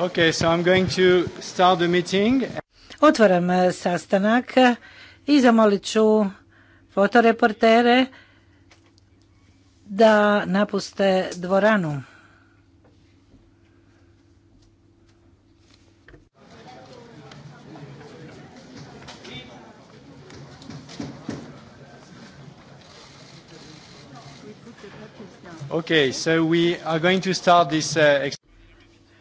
Okay, so I'm going to start the meeting. Otvaram eh, sastanak i zamolit ću fotoreportere da napuste dvoranu. Okay, so we are going to start this uh,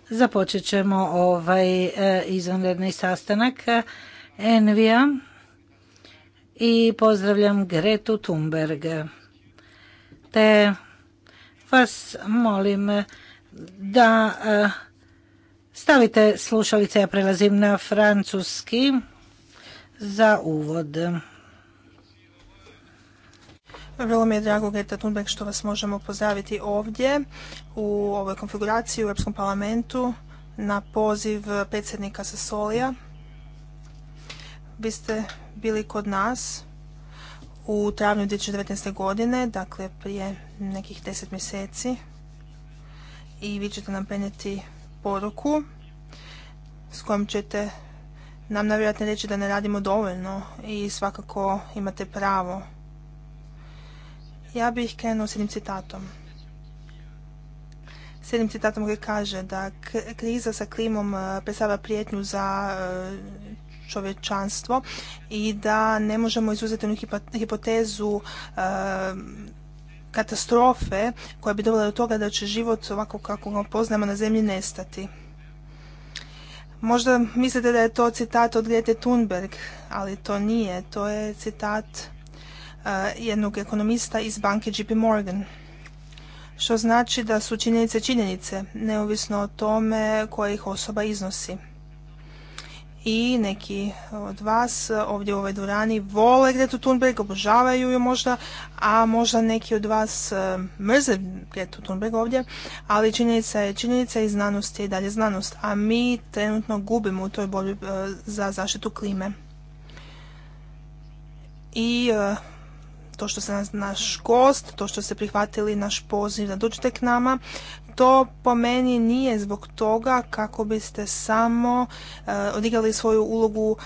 započet ćemo ovaj e, izvanredni sastanak Envija i pozdravljam Gretu Thunberg. Te vas molim da e, stavite slušalice, ja prelazim na francuski za uvod. Pa vrlo mi je drago Greta Thunberg što vas možemo pozdraviti ovdje u ovoj konfiguraciji u Europskom parlamentu na poziv predsjednika Sasolija. Vi ste bili kod nas u travnju 2019. godine, dakle prije nekih deset mjeseci i vi ćete nam prenijeti poruku s kojom ćete nam navjerojatno reći da ne radimo dovoljno i svakako imate pravo ja bih krenuo s jednim citatom. S jednim citatom koji kaže da kriza sa klimom e, predstavlja prijetnju za e, čovječanstvo i da ne možemo izuzeti onu hipotezu e, katastrofe koja bi dovela do toga da će život ovako kako ga poznamo na zemlji nestati. Možda mislite da je to citat od Grete Thunberg, ali to nije. To je citat jednog ekonomista iz banke JP Morgan. Što znači da su činjenice činjenice, neovisno o tome koja ih osoba iznosi. I neki od vas ovdje u ovoj dvorani vole Gretu Thunberg, obožavaju ju možda, a možda neki od vas e, mrze Gretu Thunberg ovdje, ali činjenica je činjenica i znanost je i dalje znanost, a mi trenutno gubimo u toj bolji e, za zaštitu klime. I e, to što se nas naš gost, to što ste prihvatili naš poziv da dođete k nama, to po meni nije zbog toga kako biste samo uh, odigrali svoju ulogu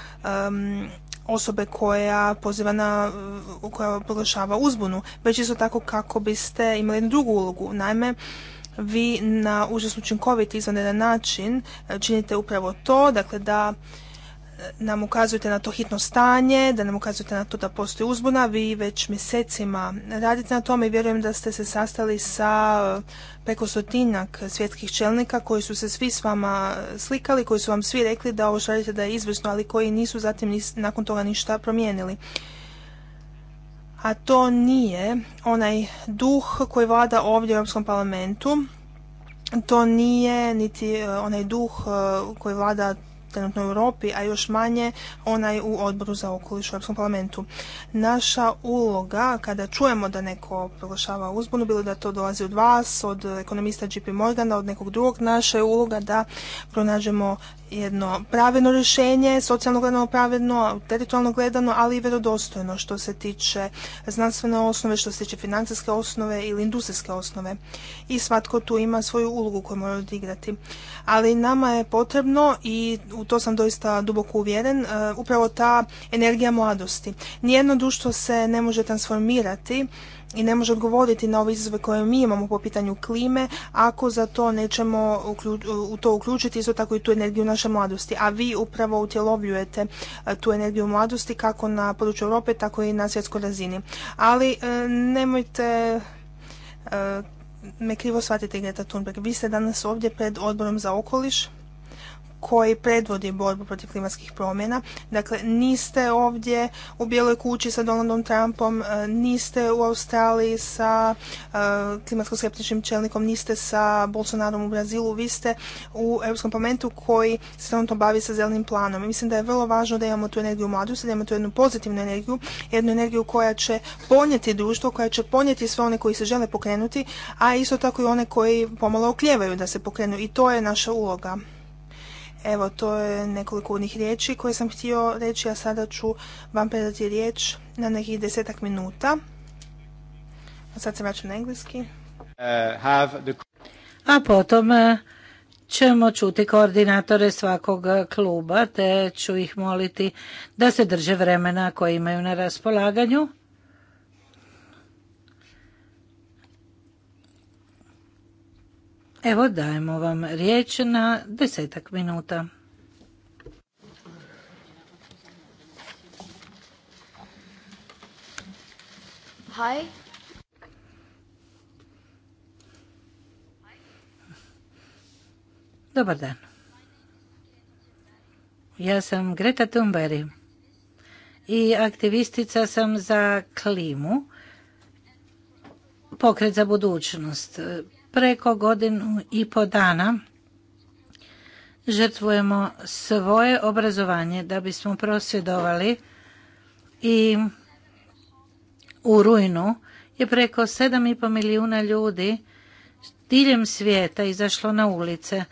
osobe koja poziva na, koja proglašava uzbunu, već isto tako kako biste imali jednu drugu ulogu. Naime, vi na užasno učinkovit izvanredan način eh, činite upravo to, dakle da nam ukazujete na to hitno stanje, da nam ukazujete na to da postoji uzbuna. Vi već mjesecima radite na tome i vjerujem da ste se sastali sa e, preko stotinak svjetskih čelnika koji su se svi s vama slikali, koji su vam svi rekli da ovo želite da je izvrsno, ali koji nisu zatim nakon toga ništa promijenili. A to nije onaj duh koji vlada ovdje u Europskom parlamentu, to nije niti e, onaj duh e, koji vlada trenutno u Europi, a još manje onaj u odboru za okoliš u Europskom parlamentu. Naša uloga kada čujemo da neko proglašava uzbunu, bilo da to dolazi od vas, od ekonomista JP Morgana, od nekog drugog, naša je uloga da pronađemo jedno pravedno rješenje, socijalno gledano pravedno, teritorijalno gledano, ali i vjerodostojno što se tiče znanstvene osnove, što se tiče financijske osnove ili industrijske osnove. I svatko tu ima svoju ulogu koju mora odigrati. Ali nama je potrebno, i u to sam doista duboko uvjeren, e, upravo ta energija mladosti. Nijedno društvo se ne može transformirati i ne može odgovoriti na ove izazove koje mi imamo po pitanju klime ako za to nećemo u to uključiti isto tako i tu energiju naše mladosti. A vi upravo utjelovljujete e, tu energiju mladosti kako na području Europe tako i na svjetskoj razini. Ali e, nemojte e, me krivo shvatiti Greta Thunberg. Vi ste danas ovdje pred odborom za okoliš koji predvodi borbu protiv klimatskih promjena. Dakle, niste ovdje u Bijeloj kući sa Donaldom Trumpom, e, niste u Australiji sa e, klimatsko-skeptičnim čelnikom, niste sa Bolsonarom u Brazilu, vi ste u Europskom parlamentu koji se trenutno bavi sa zelenim planom. I mislim da je vrlo važno da imamo tu energiju mladosti, da imamo tu jednu pozitivnu energiju, jednu energiju koja će ponijeti društvo, koja će ponijeti sve one koji se žele pokrenuti, a isto tako i one koji pomalo okljevaju da se pokrenu. I to je naša uloga. Evo, to je nekoliko onih riječi koje sam htio reći, a sada ću vam predati riječ na nekih desetak minuta. A sad se na engleski. Uh, a potom uh, ćemo čuti koordinatore svakog kluba, te ću ih moliti da se drže vremena koje imaju na raspolaganju. Evo dajemo vam riječ na desetak minuta. Hi. Dobar dan. Ja sam Greta Thunberg i aktivistica sam za klimu, pokret za budućnost preko godinu i po dana žrtvujemo svoje obrazovanje da bismo prosvjedovali i u rujnu je preko 7,5 milijuna ljudi diljem svijeta izašlo na ulice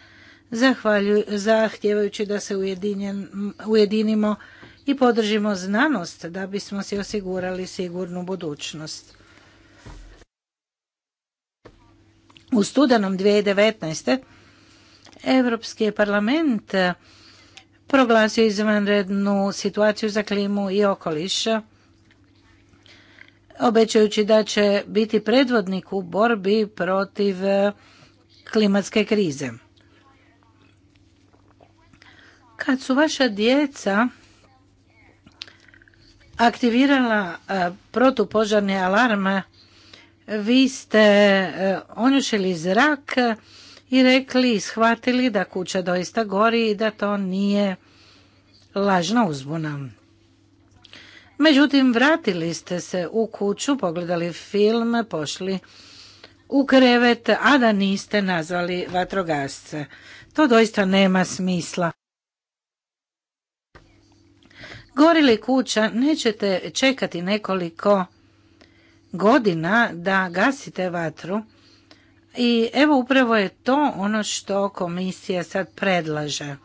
zahtjevajući da se ujedinimo i podržimo znanost da bismo si osigurali sigurnu budućnost. U studenom 2019. Europski parlament proglasio izvanrednu situaciju za klimu i okoliša, obećajući da će biti predvodnik u borbi protiv klimatske krize. Kad su vaša djeca aktivirala e, protupožarne alarme vi ste e, onjušili zrak i rekli i shvatili da kuća doista gori i da to nije lažna uzbuna. Međutim, vratili ste se u kuću, pogledali film, pošli u krevet, a da niste nazvali vatrogasce. To doista nema smisla. Gorili kuća nećete čekati nekoliko godina da gasite vatru i evo upravo je to ono što komisija sad predlaže.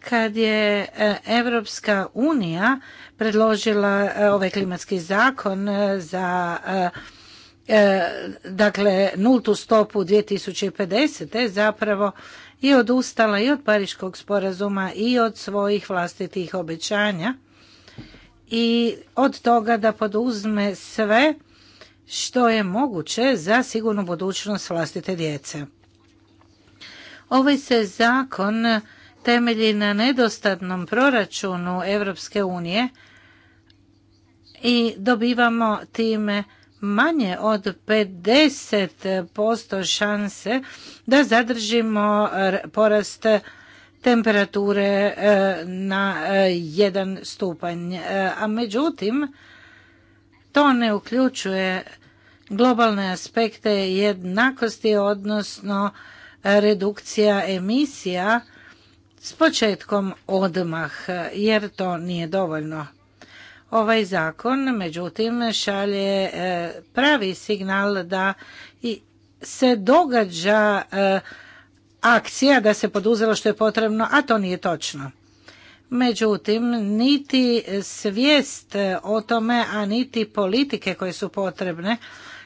Kad je e, Evropska unija predložila e, ovaj klimatski zakon e, za dakle nultu stopu 2050. zapravo i odustala i od Pariškog sporazuma i od svojih vlastitih obećanja i od toga da poduzme sve što je moguće za sigurnu budućnost vlastite djece. Ovaj se zakon temelji na nedostatnom proračunu Europske unije i dobivamo time manje od 50% šanse da zadržimo porast temperature e, na e, jedan stupanj. E, a međutim, to ne uključuje globalne aspekte jednakosti, odnosno redukcija emisija s početkom odmah, jer to nije dovoljno. Ovaj zakon, međutim, šalje pravi signal da se događa akcija da se poduzelo što je potrebno, a to nije točno. Međutim, niti svijest o tome, a niti politike koje su potrebne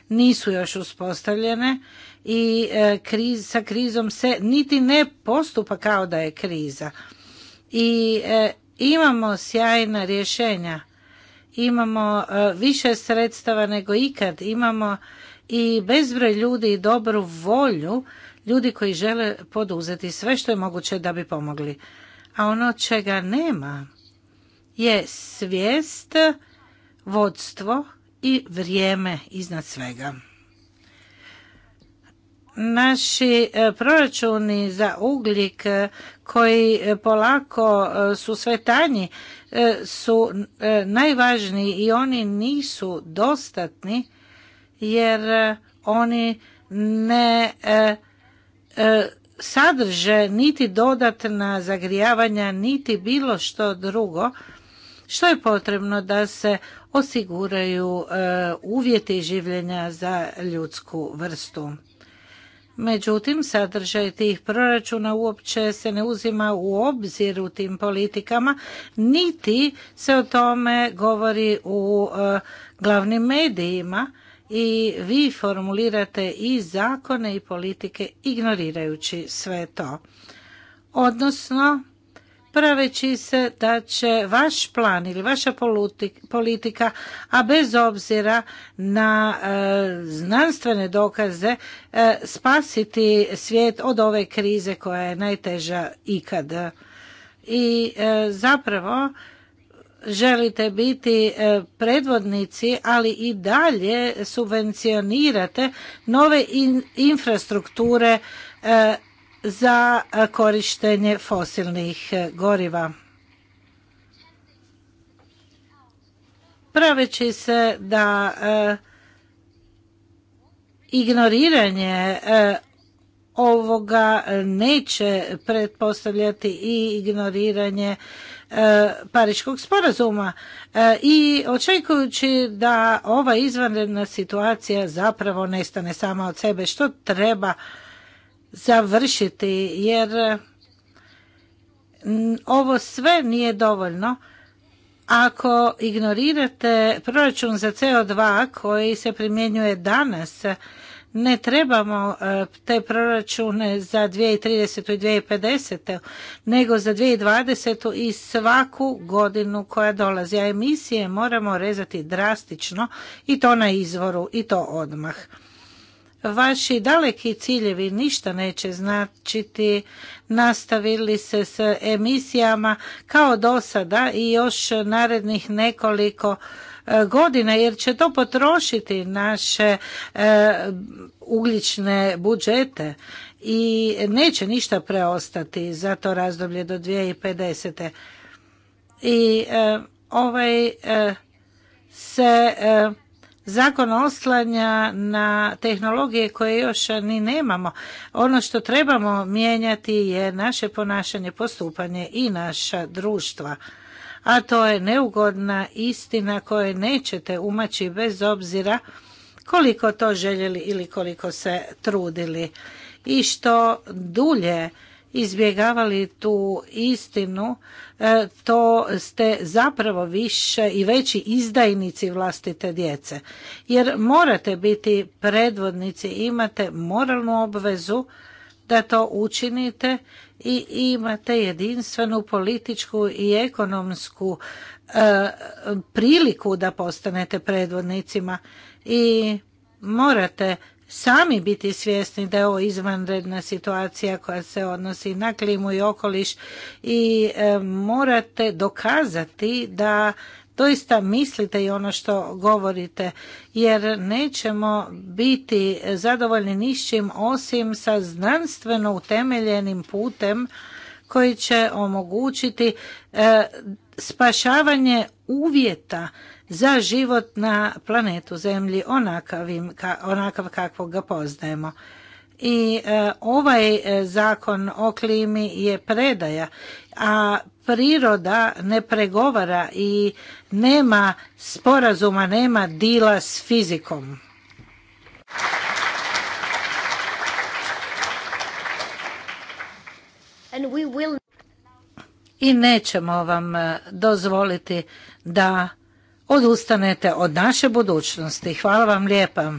nisu još uspostavljene i e, kriz, sa krizom se niti ne postupa kao da je kriza. I e, imamo sjajna rješenja. Imamo e, više sredstava nego ikad. Imamo i bezbroj ljudi i dobru volju ljudi koji žele poduzeti sve što je moguće da bi pomogli. A ono čega nema je svijest, vodstvo i vrijeme iznad svega. Naši e, proračuni za ugljik e, koji e, polako su sve tanji su najvažniji i oni nisu dostatni jer oni ne E, sadrže niti dodatna zagrijavanja, niti bilo što drugo što je potrebno da se osiguraju e, uvjeti življenja za ljudsku vrstu. Međutim, sadržaj tih proračuna uopće se ne uzima u obzir u tim politikama, niti se o tome govori u e, glavnim medijima, i vi formulirate i zakone i politike ignorirajući sve to. Odnosno, praveći se da će vaš plan ili vaša politika, a bez obzira na e, znanstvene dokaze, e, spasiti svijet od ove krize koja je najteža ikad. I e, zapravo želite biti e, predvodnici, ali i dalje subvencionirate nove infrastrukture e, za korištenje fosilnih e, goriva. Praveći se da ignoriranje ovoga neće pretpostavljati i ignoriranje E, Pariškog sporazuma e, i očekujući da ova izvanredna situacija zapravo nestane sama od sebe, što treba završiti jer ovo sve nije dovoljno ako ignorirate proračun za CO2 koji se primjenjuje danas ne trebamo e, te proračune za 2030. i 2050. nego za 2020. i svaku godinu koja dolazi. A emisije moramo rezati drastično i to na izvoru i to odmah. Vaši daleki ciljevi ništa neće značiti nastavili se s emisijama kao do sada i još narednih nekoliko godina jer će to potrošiti naše e, ugljične budžete i neće ništa preostati za to razdoblje do 2050. I e, ovaj e, se zakon oslanja na tehnologije koje još ni nemamo. Ono što trebamo mijenjati je naše ponašanje, postupanje i naša društva a to je neugodna istina koju nećete umaći bez obzira koliko to željeli ili koliko se trudili. I što dulje izbjegavali tu istinu, e, to ste zapravo više i veći izdajnici vlastite djece. Jer morate biti predvodnici, imate moralnu obvezu da to učinite i imate jedinstvenu političku i ekonomsku e, priliku da postanete predvodnicima i morate sami biti svjesni da je ovo izvanredna situacija koja se odnosi na klimu i okoliš i e, morate dokazati da doista mislite i ono što govorite jer nećemo biti zadovoljni nišćim osim sa znanstveno utemeljenim putem koji će omogućiti e, spašavanje uvjeta za život na planetu Zemlji onakavim, onakav kakvog ga poznajemo. I e, ovaj e, zakon o klimi je predaja, a priroda ne pregovara i nema sporazuma, nema dila s fizikom. I nećemo vam e, dozvoliti da odustanete od naše budućnosti. Hvala vam lijepa.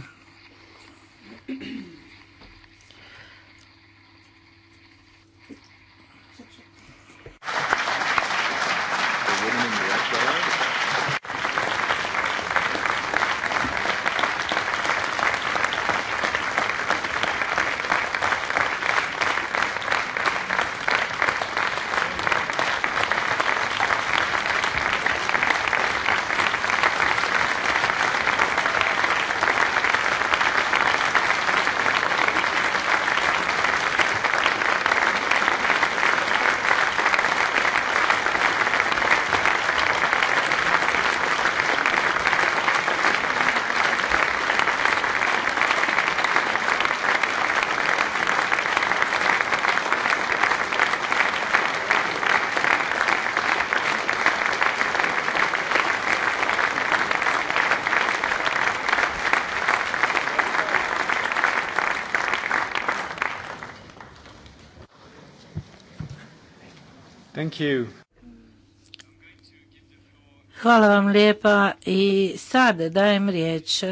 Hvala vam lijepa i sad dajem riječ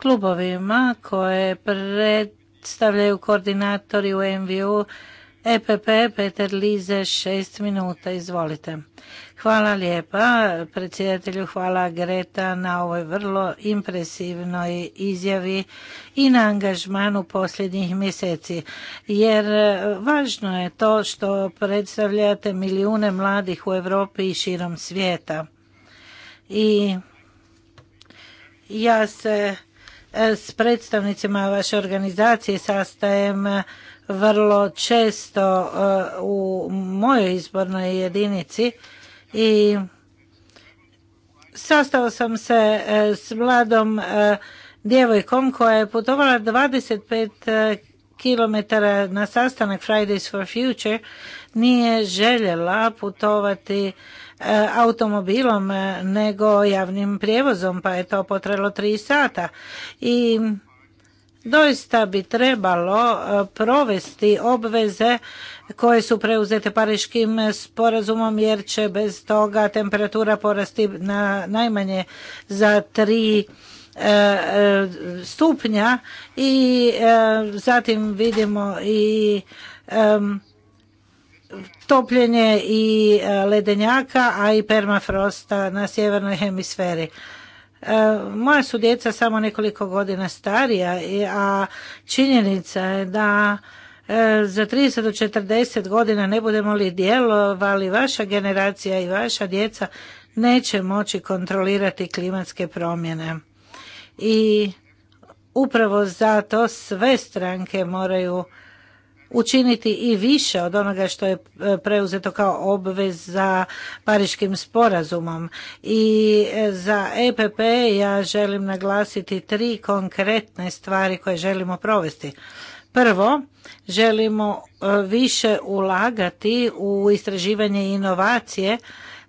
klubovima koje predstavljaju koordinatori u MVU EPP Peter Lize, šest minuta, izvolite. Hvala lijepa predsjedatelju, hvala Greta na ovoj vrlo impresivnoj izjavi i na angažmanu posljednjih mjeseci. Jer e, važno je to što predstavljate milijune mladih u Europi i širom svijeta. I ja se e, s predstavnicima vaše organizacije sastajem vrlo često uh, u mojoj izbornoj jedinici i sastao sam se uh, s mladom uh, djevojkom koja je putovala 25 km na sastanak Fridays for Future nije željela putovati automobilom nego javnim prijevozom pa je to potrelo tri sata i doista bi trebalo e, provesti obveze koje su preuzete pariškim sporazumom jer će bez toga temperatura porasti na najmanje za tri e, e, stupnja i zatim vidimo i topljenje i ledenjaka, a i permafrosta na sjevernoj hemisferi. E, moja su djeca samo nekoliko godina starija, a činjenica je da e, za 30 do 40 godina ne budemo li djelovali, vaša generacija i vaša djeca neće moći kontrolirati klimatske promjene. I upravo zato sve stranke moraju učiniti i više od onoga što je e, preuzeto kao obvez za Pariškim sporazumom. I e, za EPP ja želim naglasiti tri konkretne stvari koje želimo provesti. Prvo, želimo e, više ulagati u istraživanje inovacije,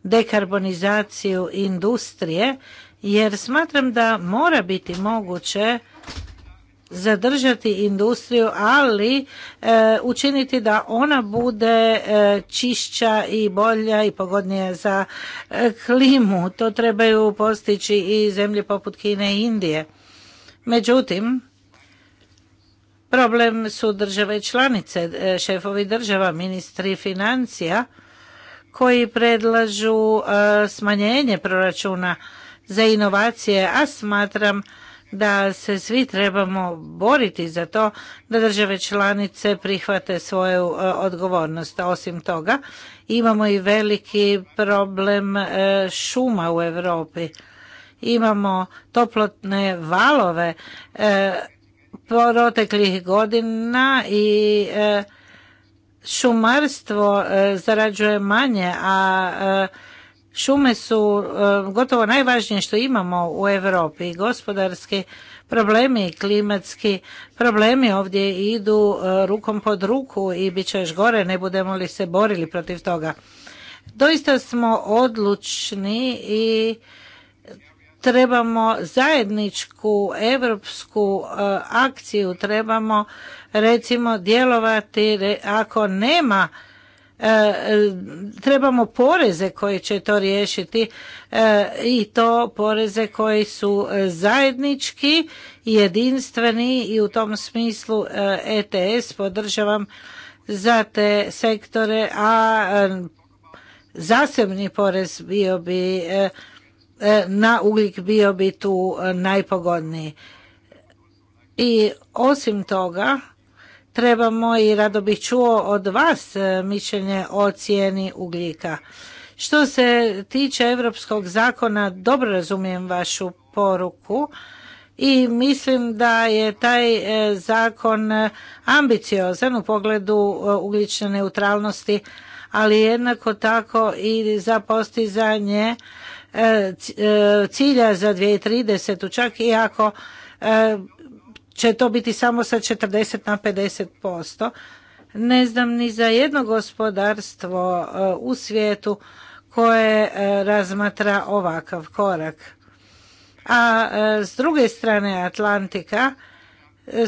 dekarbonizaciju industrije, jer smatram da mora biti moguće zadržati industriju, ali e, učiniti da ona bude e, čišća i bolja i pogodnija za e, klimu. To trebaju postići i zemlje poput Kine i Indije. Međutim, problem su države članice, šefovi država, ministri financija koji predlažu smanjenje proračuna za inovacije, a smatram da se svi trebamo boriti za to da države članice prihvate svoju e, odgovornost. Osim toga, imamo i veliki problem e, šuma u Europi. Imamo toplotne valove e, proteklih godina i šumarstvo zarađuje manje, a Šume su e, gotovo najvažnije što imamo u Europi. Gospodarski problemi, klimatski problemi ovdje idu e, rukom pod ruku i bit će još gore, ne budemo li se borili protiv toga. Doista smo odlučni i trebamo zajedničku europsku e, akciju, trebamo recimo djelovati ako nema E, e, trebamo poreze koji će to riješiti e, i to poreze koji su zajednički, jedinstveni i u tom smislu ETS podržavam za te sektore, a zasebni porez bio bi na ugljik bio bi tu najpogodniji. I osim toga, trebamo i rado bih čuo od vas e, mišljenje o cijeni ugljika. Što se tiče europskog zakona, dobro razumijem vašu poruku i mislim da je taj e, zakon ambiciozan u pogledu e, ugljične neutralnosti, ali jednako tako i za postizanje cilja za 2030. Čak i ako će to biti samo sa 40 na 50%. Ne znam ni za jedno gospodarstvo uh, u svijetu koje uh, razmatra ovakav korak. A uh, s druge strane Atlantika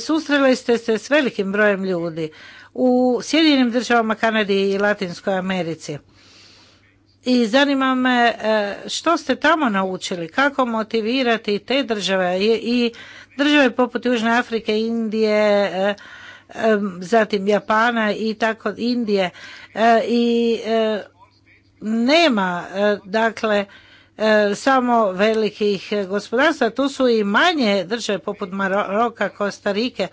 susreli ste se s velikim brojem ljudi u Sjedinim državama, Kanadi i Latinskoj Americi i zanima me e, što ste tamo naučili, kako motivirati te države i države poput Južne Afrike, Indije, e, e, zatim Japana i tako Indije i nema dakle samo velikih gospodarstva, tu su i manje države poput Maroka, Kostarike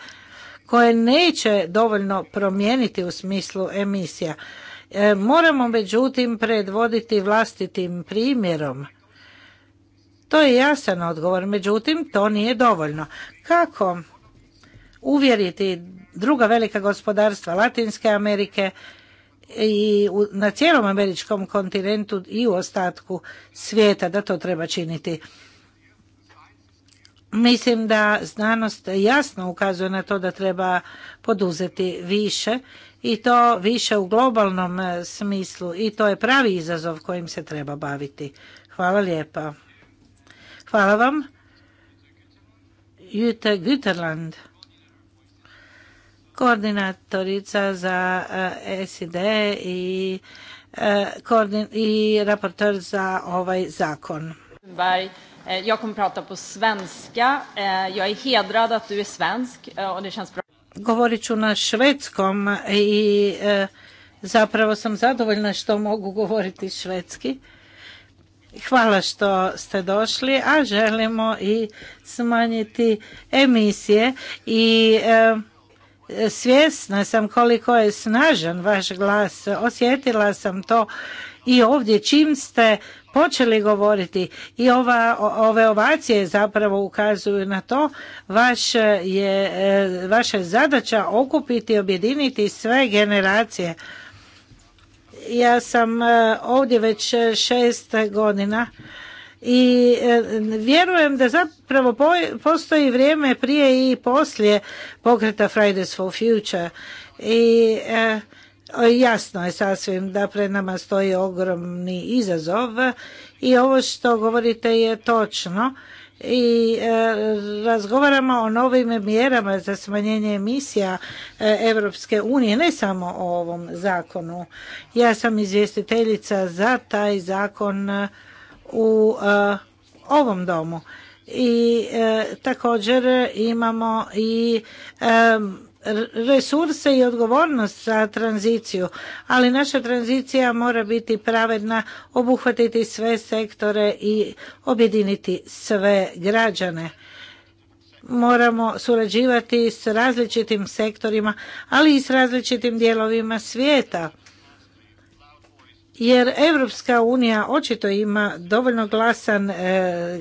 koje neće dovoljno promijeniti u smislu emisija. E, moramo međutim predvoditi vlastitim primjerom. To je jasan odgovor, međutim to nije dovoljno. Kako uvjeriti druga velika gospodarstva Latinske Amerike i na cijelom američkom kontinentu i u ostatku svijeta da to treba činiti. Mislim da znanost jasno ukazuje na to da treba poduzeti više i to više u globalnom e, smislu i to je pravi izazov kojim se treba baviti. Hvala lijepa. Hvala vam. Jute Güterland, koordinatorica za e, SID i, i e, raportor za ovaj zakon. Eh, jag kommer prata på svenska. Eh, jag är hedrad att du är svensk eh, och det känns bra. Govorit ću na švedskom i zapravo sam zadovoljna što mogu govoriti švedski. Hvala što ste došli, a želimo i smanjiti emisije i svjesna sam koliko je snažan vaš glas. Osjetila sam to i ovdje čim ste počeli govoriti i ova, ove ovacije zapravo ukazuju na to vaš je, e, vaša je zadaća okupiti i objediniti sve generacije ja sam e, ovdje već šest godina i e, vjerujem da zapravo postoji vrijeme prije i poslije pokreta Fridays for Future i Jasno je sasvim da pred nama stoji ogromni izazov i ovo što govorite je točno i e, razgovaramo o novim mjerama za smanjenje emisija Europske unije, ne samo o ovom zakonu. Ja sam izvjestiteljica za taj zakon e, u e, ovom domu i također imamo i resurse i odgovornost za tranziciju, ali naša tranzicija mora biti pravedna, obuhvatiti sve sektore i objediniti sve građane. Moramo surađivati s različitim sektorima, ali i s različitim dijelovima svijeta. Jer europska unija očito ima dovoljno glasan e,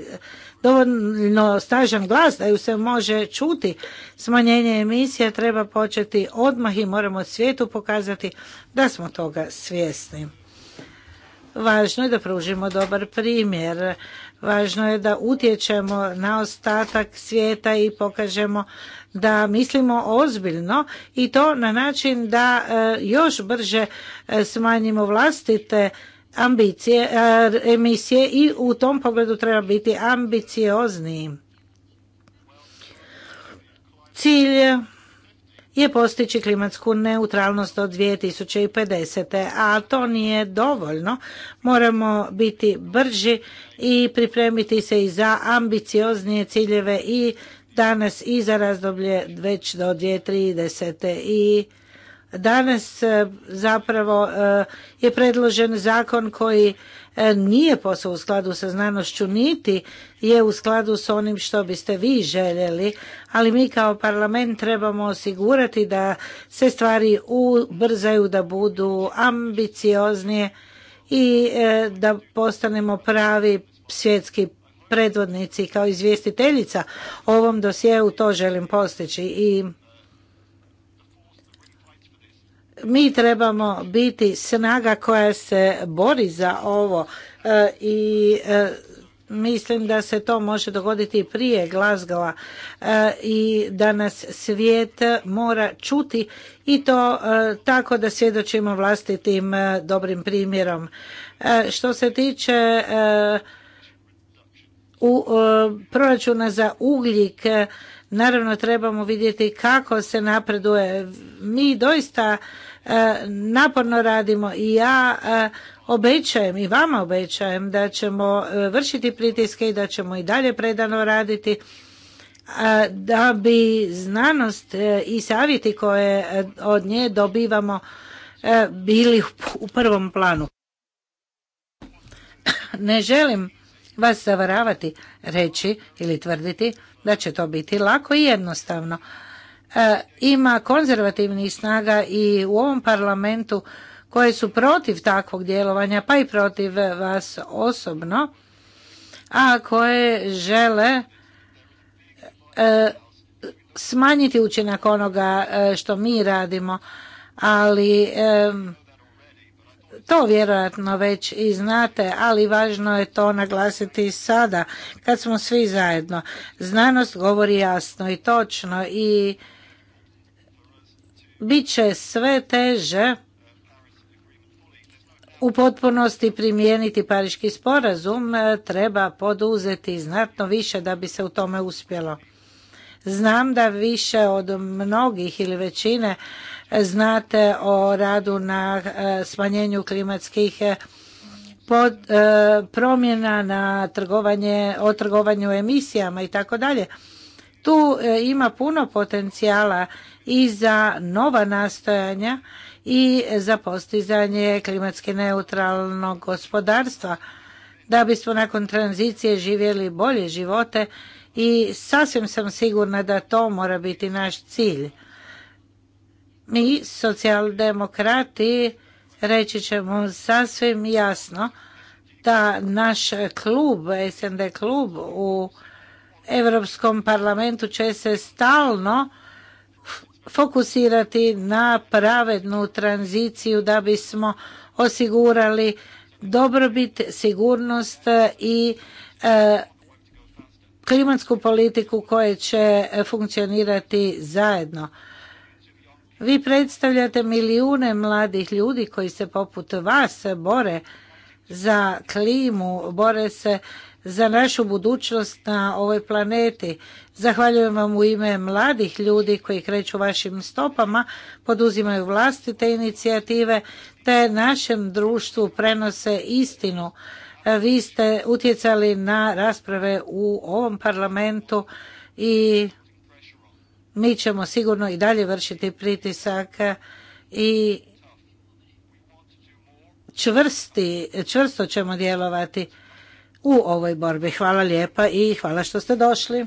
dovoljno stažan glas da ju se može čuti. Smanjenje emisija treba početi odmah i moramo svijetu pokazati da smo toga svjesni. Važno je da pružimo dobar primjer, važno je da utječemo na ostatak svijeta i pokažemo da mislimo ozbiljno i to na način da e, još brže e, smanjimo vlastite ambicije, e, emisije i u tom pogledu treba biti ambiciozniji. Cilj je postići klimatsku neutralnost od 2050. A to nije dovoljno. Moramo biti brži i pripremiti se i za ambicioznije ciljeve i danas i za razdoblje već do 2030. I Danas e, zapravo e, je predložen zakon koji e, nije posao u skladu sa znanošću niti je u skladu s onim što biste vi željeli, ali mi kao parlament trebamo osigurati da se stvari ubrzaju, da budu ambicioznije i da postanemo pravi svjetski predvodnici kao izvjestiteljica ovom dosjeu to želim postići i mi trebamo biti snaga koja se bori za ovo e, i e, mislim da se to može dogoditi prije glazgala e, i da nas svijet mora čuti i to tako da svjedočimo vlastitim dobrim primjerom. Što se tiče u proračuna za ugljik Naravno trebamo vidjeti kako se napreduje. Mi doista e, naporno radimo i ja e, obećajem i vama obećajem da ćemo e, vršiti pritiske i da ćemo i dalje predano raditi da bi znanost i savjeti koje od nje dobivamo bili u prvom planu. Ne želim vas zavaravati, reći ili tvrditi da će to biti lako i jednostavno. E, ima konzervativnih snaga i u ovom parlamentu koje su protiv takvog djelovanja, pa i protiv vas osobno, a koje žele e, smanjiti učinak onoga e, što mi radimo, ali to vjerojatno već i znate, ali važno je to naglasiti i sada kad smo svi zajedno. Znanost govori jasno i točno i bit će sve teže u potpunosti primijeniti Pariški sporazum, treba poduzeti znatno više da bi se u tome uspjelo. Znam da više od mnogih ili većine znate o radu na e, smanjenju klimatskih e, pod, e, promjena na trgovanje, o trgovanju emisijama i tako dalje. Tu ima puno potencijala i za nova nastojanja i za postizanje klimatski neutralnog gospodarstva da bismo nakon tranzicije živjeli bolje živote i sasvim sam sigurna da to mora biti naš cilj. Mi, socijaldemokrati, reći ćemo sasvim jasno da naš klub, SND klub u Europskom parlamentu će se stalno fokusirati na pravednu tranziciju da bismo osigurali dobrobit, sigurnost i e, klimatsku politiku koje će funkcionirati zajedno. Vi predstavljate milijune mladih ljudi koji se poput vas bore za klimu, bore se za našu budućnost na ovoj planeti. Zahvaljujem vam u ime mladih ljudi koji kreću vašim stopama, poduzimaju vlastite inicijative, te našem društvu prenose istinu vi ste utjecali na rasprave u ovom parlamentu i mi ćemo sigurno i dalje vršiti pritisak i čvrsti, čvrsto ćemo djelovati u ovoj borbi. Hvala lijepa i hvala što ste došli.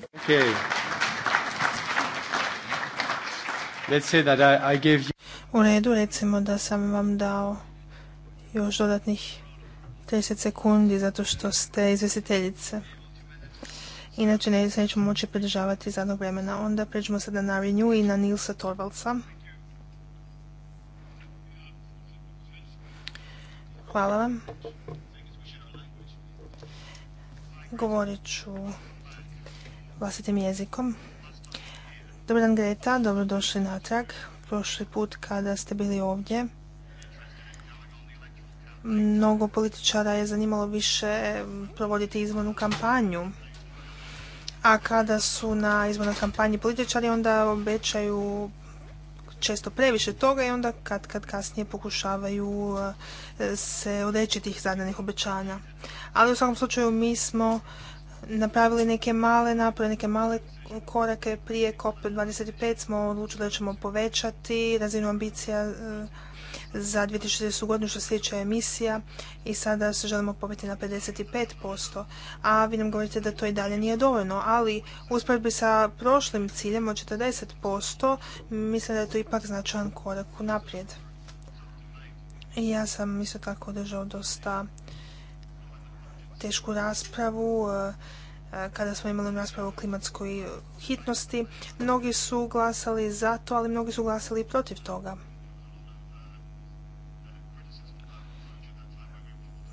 U redu recimo da sam vam dao još dodatnih 30 sekundi zato što ste izvjestiteljice. Inače ne, se nećemo moći pridržavati zadnog vremena. Onda pređemo sada na Renew i na Nilsa Torvaldsa. Hvala vam. Govorit ću vlastitim jezikom. Dobar dan Greta, dobrodošli natrag. Prošli put kada ste bili ovdje, mnogo političara je zanimalo više provoditi izbornu kampanju. A kada su na izbornoj kampanji političari onda obećaju često previše toga i onda kad, kad kasnije pokušavaju e, se odreći tih zadanih obećanja. Ali u svakom slučaju mi smo napravili neke male napore, neke male korake prije COP25 smo odlučili da ćemo povećati razinu ambicija e, za 2016 godinu što se tiče emisija i sada se želimo pobiti na 55%, a vi nam govorite da to i dalje nije dovoljno, ali usporedbi sa prošlim ciljem od 40% mislim da je to ipak značajan korak u naprijed. I ja sam isto tako održao dosta tešku raspravu eh, eh, kada smo imali raspravu o klimatskoj hitnosti. Mnogi su glasali za to, ali mnogi su glasali i protiv toga.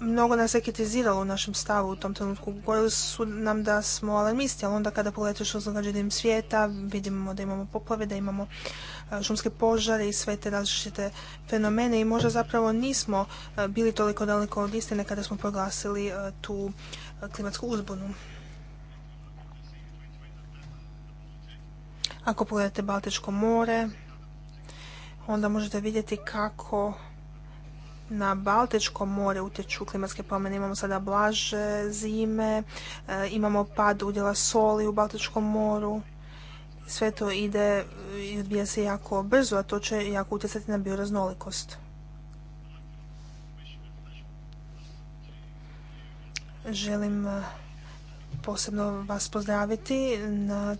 mnogo nas je kritiziralo u našem stavu u tom trenutku. Govorili su nam da smo alarmisti, ali onda kada pogledate što se svijeta, vidimo da imamo poplave, da imamo e, šumske požare i sve te različite fenomene i možda zapravo nismo e, bili toliko daleko od istine kada smo proglasili e, tu klimatsku uzbunu. Ako pogledate Baltičko more, onda možete vidjeti kako na Baltičkom more utječu klimatske promjene. Imamo sada blaže zime, e, imamo pad udjela soli u Baltičkom moru. Sve to ide e, i se jako brzo, a to će jako utjecati na bioraznolikost. Želim e, posebno vas pozdraviti na,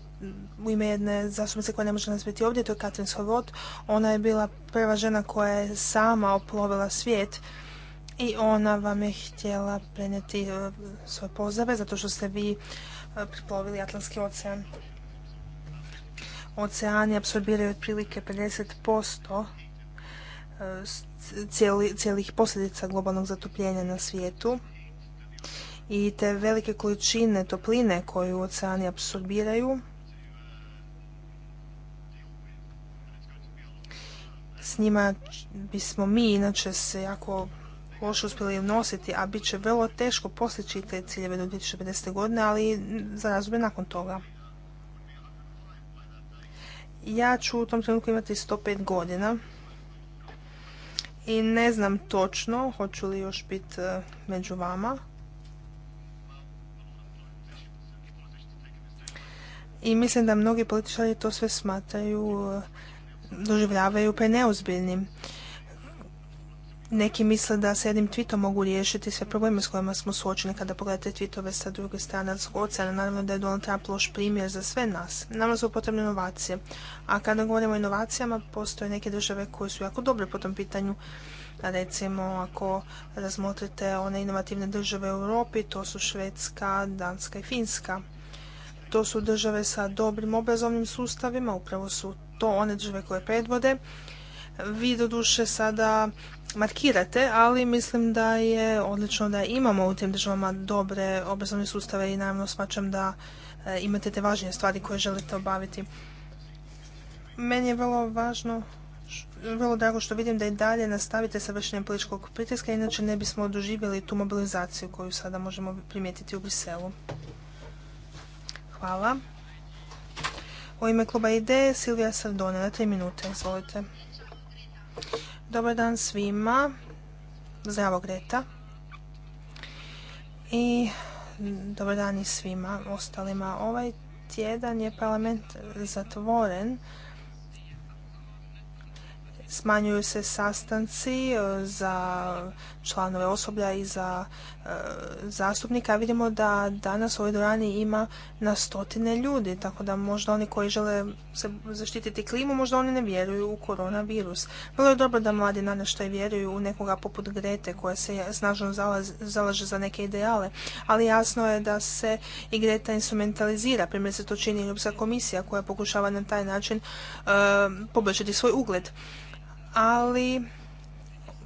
u ime jedne zastupnice koja ne može nas biti ovdje, to je Katrin Sovot. Ona je bila prva žena koja je sama oplovila svijet i ona vam je htjela prenijeti e, svoje pozdrave zato što ste vi e, priplovili Atlantski ocean. Oceani apsorbiraju otprilike 50% e, cijelih posljedica globalnog zatopljenja na svijetu i te velike količine topline koju oceani apsorbiraju s njima bismo mi inače se jako loše uspjeli nositi, a bit će vrlo teško postići te ciljeve do 2050. godine, ali za razdoblje nakon toga. Ja ću u tom trenutku imati 105 godina i ne znam točno hoću li još biti eh, među vama. i mislim da mnogi političari to sve smatraju, doživljavaju neozbiljnim. Neki misle da se jednim tweetom mogu riješiti sve probleme s kojima smo suočeni kada pogledate tweetove sa druge strane oceana. Naravno da je Donald Trump loš primjer za sve nas. Nama su potrebne inovacije. A kada govorimo o inovacijama, postoje neke države koje su jako dobre po tom pitanju. Recimo, ako razmotrite one inovativne države u Europi, to su Švedska, Danska i Finska to su države sa dobrim obrazovnim sustavima, upravo su to one države koje predvode. Vi doduše sada markirate, ali mislim da je odlično da imamo u tim državama dobre obrazovne sustave i naravno smačam da e, imate te važnije stvari koje želite obaviti. Meni je vrlo važno, vrlo drago što vidim da i dalje nastavite sa vršenjem političkog pritiska, inače ne bismo doživjeli tu mobilizaciju koju sada možemo primijetiti u Briselu. Hvala. U ime kluba IDE Silvija Sardone na tri minute. Izvolite. Dobar dan svima. Zdravo Greta. I dobar dan i svima ostalima. Ovaj tjedan je parlament zatvoren smanjuju se sastanci e, za članove osoblja i za e, zastupnika. Vidimo da danas u ovoj dvorani ima na stotine ljudi, tako da možda oni koji žele se zaštititi klimu, možda oni ne vjeruju u koronavirus. Vrlo je dobro da mladi nanaštaj vjeruju u nekoga poput Grete koja se snažno zalaže za neke ideale, ali jasno je da se i Greta instrumentalizira. Primjer se to čini Europska komisija koja pokušava na taj način e, poboljšati svoj ugled ali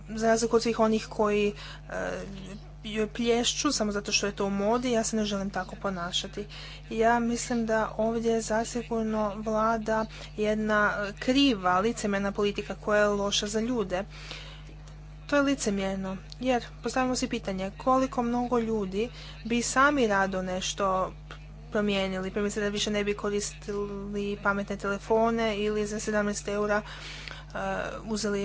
za razliku od svih onih koji e, joj plješću samo zato što je to u modi, ja se ne želim tako ponašati. Ja mislim da ovdje zasigurno vlada jedna kriva licemjerna politika koja je loša za ljude. To je licemjerno, jer postavimo si pitanje koliko mnogo ljudi bi sami rado nešto promijenili, primjerice pa da više ne bi koristili pametne telefone ili za 17 eura Uh, uzeli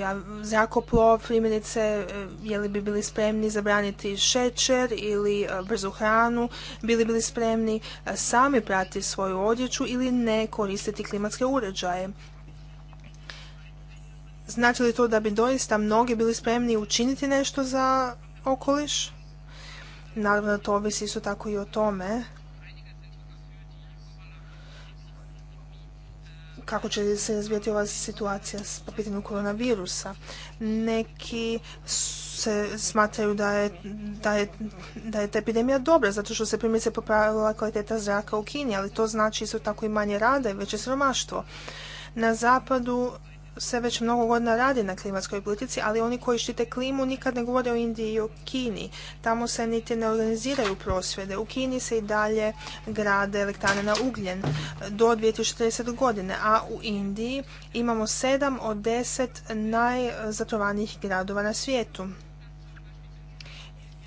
zrakoplov, primjerice, uh, je li bi bili spremni zabraniti šećer ili uh, brzu hranu, bili bili spremni sami prati svoju odjeću ili ne koristiti klimatske uređaje. Znači li to da bi doista mnogi bili spremni učiniti nešto za okoliš? Naravno, to ovisi isto tako i o tome kako će se razvijati ova situacija s po pitanju koronavirusa. Neki se smatraju da je, da, je, da je ta epidemija dobra, zato što se primjerice popravila kvaliteta zraka u Kini, ali to znači isto tako i manje rada i veće sromaštvo. Na zapadu se već mnogo godina radi na klimatskoj politici, ali oni koji štite klimu nikad ne govore o Indiji i o Kini. Tamo se niti ne organiziraju prosvjede. U Kini se i dalje grade elektrane na ugljen do 2040. godine, a u Indiji imamo 7 od 10 najzatrovanijih gradova na svijetu.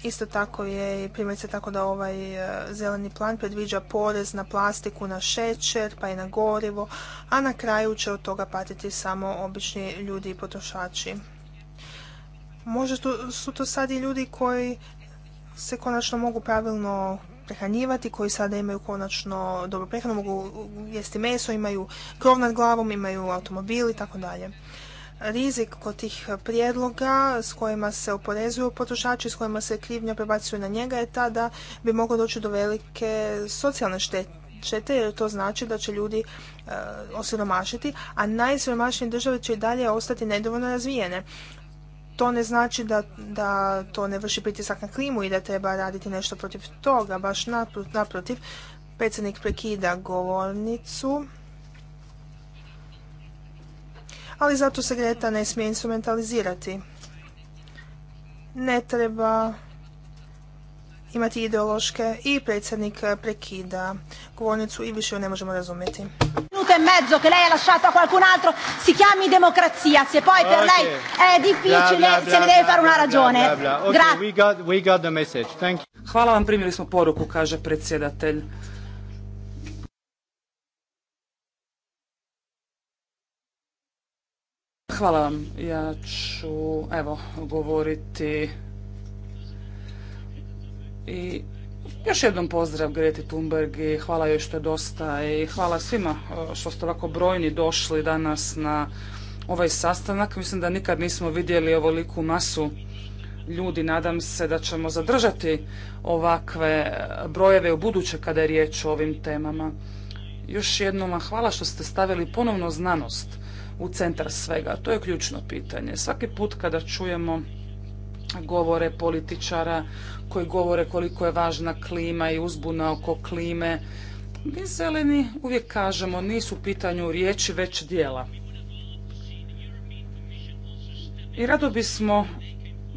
Isto tako je i primjerice tako da ovaj e, zeleni plan predviđa porez na plastiku, na šećer, pa i na gorivo, a na kraju će od toga patiti samo obični ljudi i potrošači. Možda su to sad i ljudi koji se konačno mogu pravilno prehranjivati, koji sada imaju konačno dobro prehranu, mogu jesti meso, imaju krov nad glavom, imaju automobil i tako dalje rizik kod tih prijedloga s kojima se oporezuju potrošači, s kojima se krivnja prebacuje na njega je ta da bi moglo doći do velike socijalne štete jer to znači da će ljudi e, osiromašiti, a najsiromašnije države će i dalje ostati nedovoljno razvijene. To ne znači da, da to ne vrši pritisak na klimu i da treba raditi nešto protiv toga, baš naprotiv. Predsjednik prekida govornicu ali zato se Greta ne smije instrumentalizirati. Ne treba imati ideološke i predsjednik prekida govornicu i više ju ne možemo razumjeti. Minuto e mezzo che lei ha lasciato a qualcun altro si chiami democrazia, se poi per lei è difficile se ne deve fare una ragione. Hvala vam, primili smo poruku, kaže predsjedatelj. Hvala vam. Ja ću evo govoriti i još jednom pozdrav Greti Thunberg i hvala joj što je dosta i hvala svima e, što ste ovako brojni došli danas na ovaj sastanak. Mislim da nikad nismo vidjeli ovoliku masu ljudi. Nadam se da ćemo zadržati ovakve brojeve u buduće kada je riječ o ovim temama. Još jednom hvala što ste stavili ponovno znanost u centar svega? To je ključno pitanje. Svaki put kada čujemo govore političara koji govore koliko je važna klima i uzbuna oko klime, mi zeleni uvijek kažemo nisu u pitanju riječi već dijela. I rado bismo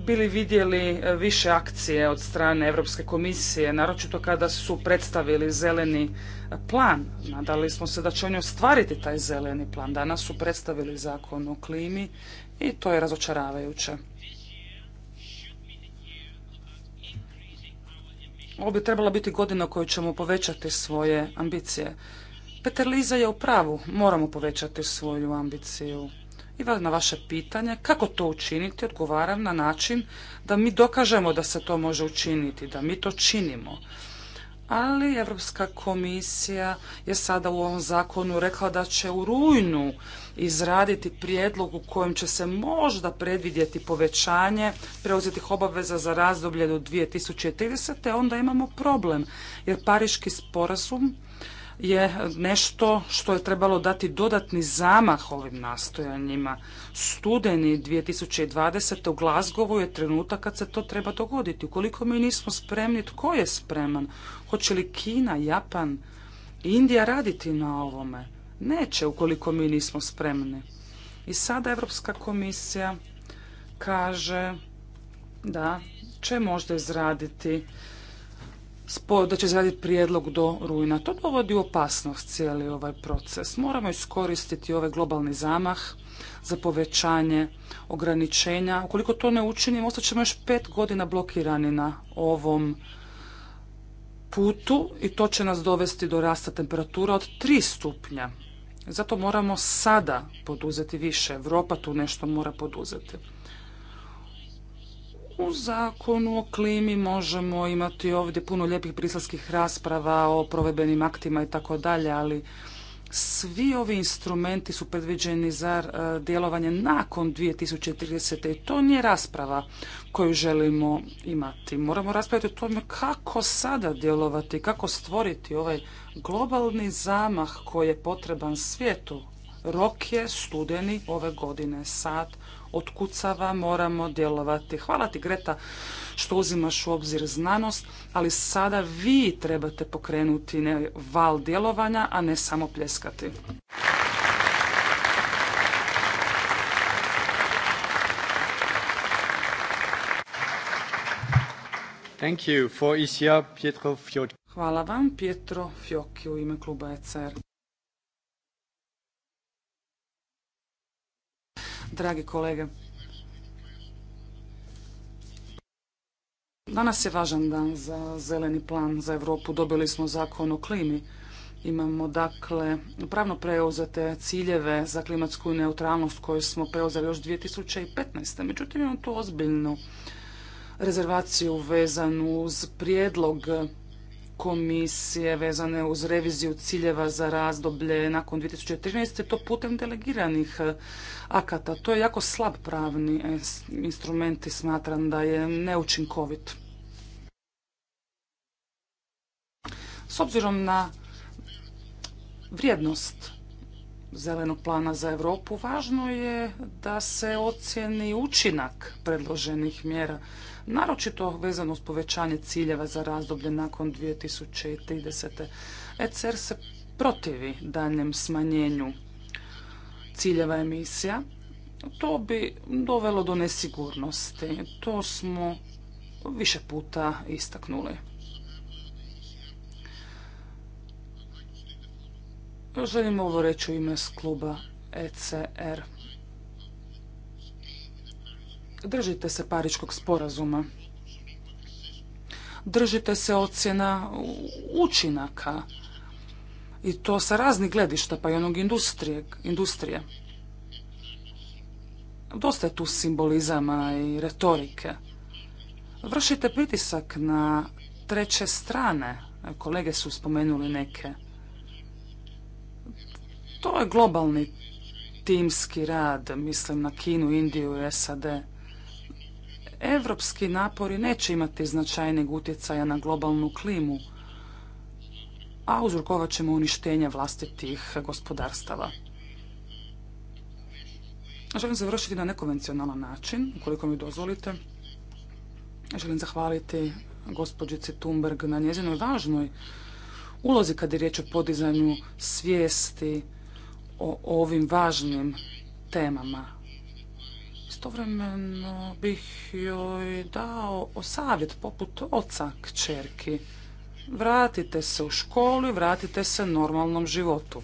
bili vidjeli e, više akcije od strane Europske komisije, naročito kada su predstavili zeleni e, plan. Nadali smo se da će oni ostvariti taj zeleni plan. Danas su predstavili zakon o klimi i to je razočaravajuće. Ovo bi trebala biti godina kojoj ćemo povećati svoje ambicije. Peter Liza je u pravu, moramo povećati svoju ambiciju. I na vaše pitanje kako to učiniti, odgovaram na način da mi dokažemo da se to može učiniti, da mi to činimo. Ali Europska komisija je sada u ovom zakonu rekla da će u rujnu izraditi prijedlog u kojem će se možda predvidjeti povećanje preuzetih obaveza za razdoblje do 2030. E onda imamo problem jer Pariški sporazum je nešto što je trebalo dati dodatni zamah ovim nastojanjima. Studeni 2020. u Glazgovu je trenutak kad se to treba dogoditi. Ukoliko mi nismo spremni, tko je spreman? Hoće li Kina, Japan, Indija raditi na ovome? Neće ukoliko mi nismo spremni. I sada Europska komisija kaže da će možda izraditi da će izraditi prijedlog do rujna. To dovodi u opasnost cijeli ovaj proces. Moramo iskoristiti ovaj globalni zamah za povećanje ograničenja. Ukoliko to ne učinimo, ostaćemo još pet godina blokirani na ovom putu i to će nas dovesti do rasta temperatura od tri stupnja. Zato moramo sada poduzeti više. Europa tu nešto mora poduzeti. U zakonu o klimi možemo imati ovdje puno lijepih briselskih rasprava o provedbenim aktima i tako dalje, ali svi ovi instrumenti su predviđeni za e, djelovanje nakon 2030. i to nije rasprava koju želimo imati. Moramo raspraviti o tome kako sada djelovati, kako stvoriti ovaj globalni zamah koji je potreban svijetu. Rok je studeni ove godine, sad otkucava, moramo djelovati. Hvala ti Greta što uzimaš u obzir znanost, ali sada vi trebate pokrenuti val djelovanja, a ne samo pljeskati. Thank you. For Hvala vam, Pietro Fiocchi u ime kluba ECR. dragi kolege. Danas je važan dan za zeleni plan za Europu. Dobili smo zakon o klimi. Imamo dakle pravno preuzete ciljeve za klimatsku neutralnost koju smo preuzeli još 2015. Međutim, imamo tu ozbiljnu rezervaciju vezanu uz prijedlog komisije vezane uz reviziju ciljeva za razdoblje nakon 2013. to putem delegiranih eh, akata. To je jako slab pravni eh, instrument i smatram da je neučinkovit. S obzirom na vrijednost zelenog plana za Europu, važno je da se ocjeni učinak predloženih mjera naročito vezano uz povećanje ciljeva za razdoblje nakon 2030. ECR se protivi daljem smanjenju ciljeva emisija. To bi dovelo do nesigurnosti. To smo više puta istaknuli. Želim ovo reći u ime kluba ECR. Držite se paričkog sporazuma. Držite se ocjena učinaka. I to sa raznih gledišta, pa i onog industrije. industrije. Dosta je tu simbolizama i retorike. Vršite pritisak na treće strane. Kolege su spomenuli neke. To je globalni timski rad, mislim na Kinu, Indiju i SAD. Evropski napori neće imati značajnijeg utjecaja na globalnu klimu, a uzrokovat ćemo uništenje vlastitih gospodarstava. Želim završiti na nekonvencionalan način, ukoliko mi dozvolite. Želim zahvaliti gospođici Thunberg na njezinoj važnoj ulozi kad je riječ o podizanju svijesti o ovim važnim temama. Istovremeno bih joj dao savjet poput oca kćerki. Vratite se u školu i vratite se normalnom životu.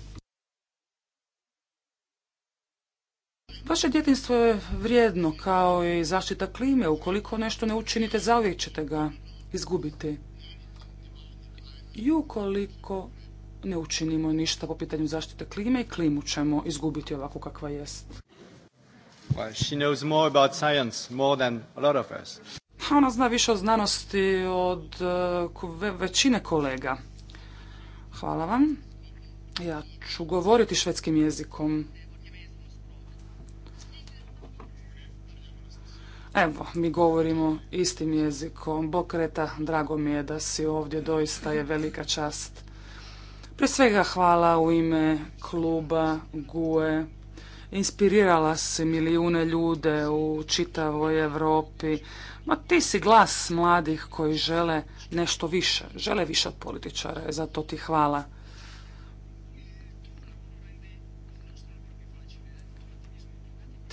Vaše djetinstvo je vrijedno kao i zaštita klime. Ukoliko nešto ne učinite, zauvijek ćete ga izgubiti. I ukoliko ne učinimo ništa po pitanju zaštite klime i klimu ćemo izgubiti ovako kakva jest. Ona zna više o znanosti od e, većine kolega. Hvala vam. Ja ću govoriti švedskim jezikom. Evo, mi govorimo istim jezikom. Bokreta, drago mi je da si ovdje, doista je velika čast. Pre svega hvala u ime kluba GUE inspirirala si milijune ljude u čitavoj Europi. Ma ti si glas mladih koji žele nešto više, žele više od političara e, zato ti hvala.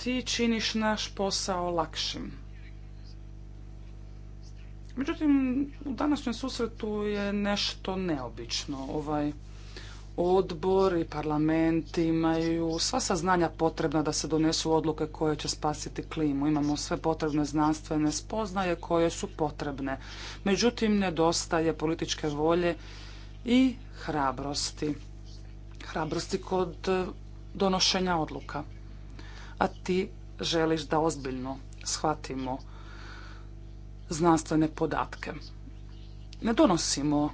Ti činiš naš posao lakšim. Međutim, u današnjem susretu je nešto neobično. Ovaj odbor i parlament imaju sva saznanja potrebna da se donesu odluke koje će spasiti klimu. Imamo sve potrebne znanstvene spoznaje koje su potrebne. Međutim, nedostaje političke volje i hrabrosti. Hrabrosti kod donošenja odluka. A ti želiš da ozbiljno shvatimo znanstvene podatke. Ne donosimo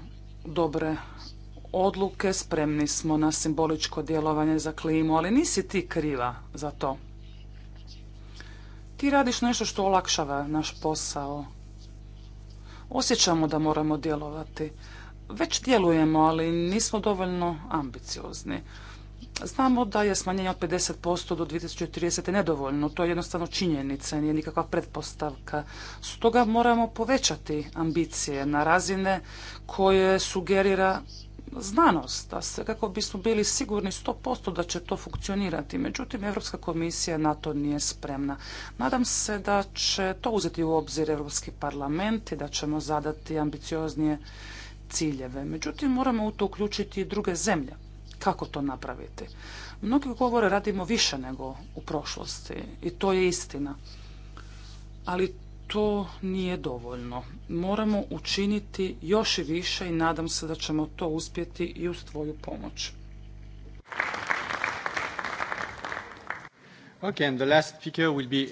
dobre odluke, spremni smo na simboličko djelovanje za klimu, ali nisi ti kriva za to. Ti radiš nešto što olakšava naš posao. Osjećamo da moramo djelovati. Već djelujemo, ali nismo dovoljno ambiciozni. Znamo da je smanjenje od 50% do 2030. nedovoljno. To je jednostavno činjenica, nije nikakva pretpostavka. Stoga moramo povećati ambicije na razine koje sugerira znanost, da se, kako bismo bili sigurni 100% da će to funkcionirati. Međutim, Europska komisija na to nije spremna. Nadam se da će to uzeti u obzir Europski parlament i da ćemo zadati ambicioznije ciljeve. Međutim, moramo u to uključiti i druge zemlje. Kako to napraviti? Mnogi govore radimo više nego u prošlosti i to je istina. Ali to nije dovoljno. Moramo učiniti još i više i nadam se da ćemo to uspjeti i uz tvoju pomoć. Okay, and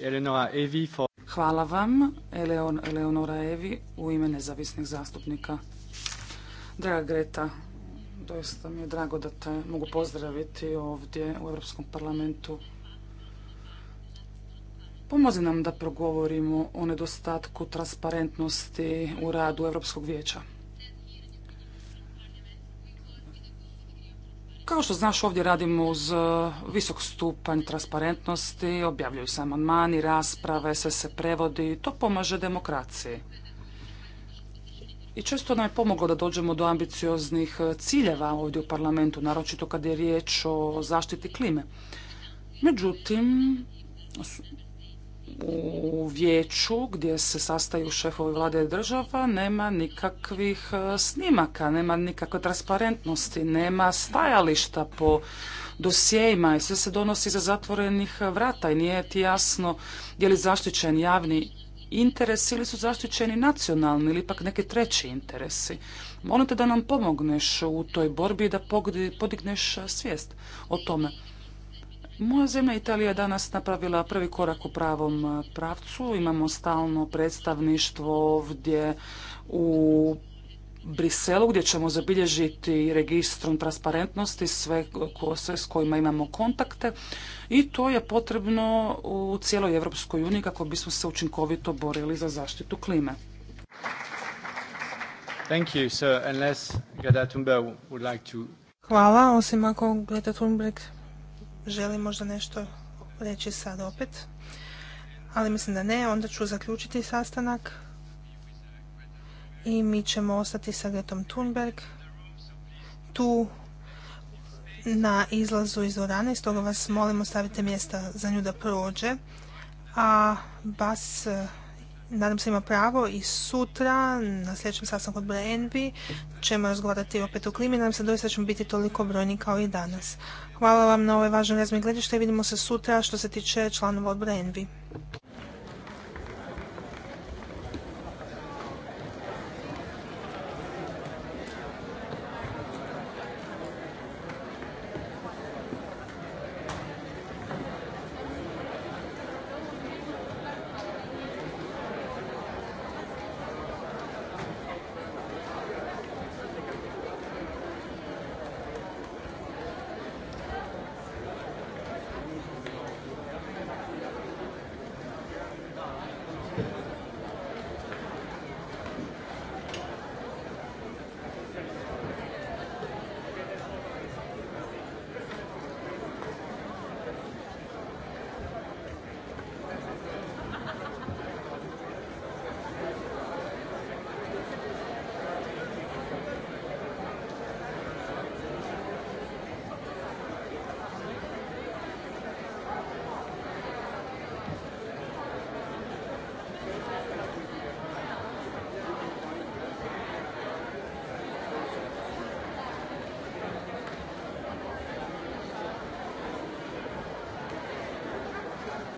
Eleonora Evi Hvala vam, Eleon, Eleonora Evi, u ime nezavisnih zastupnika. Draga Greta, doista mi je drago da te mogu pozdraviti ovdje u Europskom parlamentu. Pomozi nam da progovorimo o nedostatku transparentnosti u radu Europskog vijeća. Kao što znaš, ovdje radimo uz e, visok stupanj transparentnosti, objavljuju se amandmani, rasprave, sve se prevodi, to pomaže demokraciji. I često nam je pomoglo da dođemo do ambicioznih e, ciljeva ovdje u parlamentu, naročito kad je riječ o zaštiti klime. Međutim, u vijeću gdje se sastaju šefovi vlade država nema nikakvih e, snimaka, nema nikakve transparentnosti, nema stajališta po dosjejima i sve se donosi za zatvorenih vrata i nije ti jasno je li zaštićen javni interes ili su zaštićeni nacionalni ili ipak neki treći interesi. Molim te da nam pomogneš u toj borbi i da podigneš svijest o tome. Moja zemlja Italija je danas napravila prvi korak u pravom e, pravcu. Imamo stalno predstavništvo ovdje u Briselu gdje ćemo zabilježiti registrom transparentnosti sve, sve s kojima imamo kontakte i to je potrebno u cijeloj Europskoj uniji kako bismo se učinkovito borili za zaštitu klime. Thank you, sir. would like to... Hvala, osim ako Greta Thunberg želi možda nešto reći sad opet? Ali mislim da ne, onda ću zaključiti sastanak i mi ćemo ostati sa Gretom Thunberg tu na izlazu iz Orane, stoga vas molimo stavite mjesta za nju da prođe. A Bas, e, nadam se ima pravo i sutra na sljedećem sastanku od Brenby ćemo razgovarati opet o klimi. Nadam se doista ćemo biti toliko brojni kao i danas. Hvala vam na ovoj važnoj razmi gledišta i vidimo se sutra što se tiče članova odbora Envi.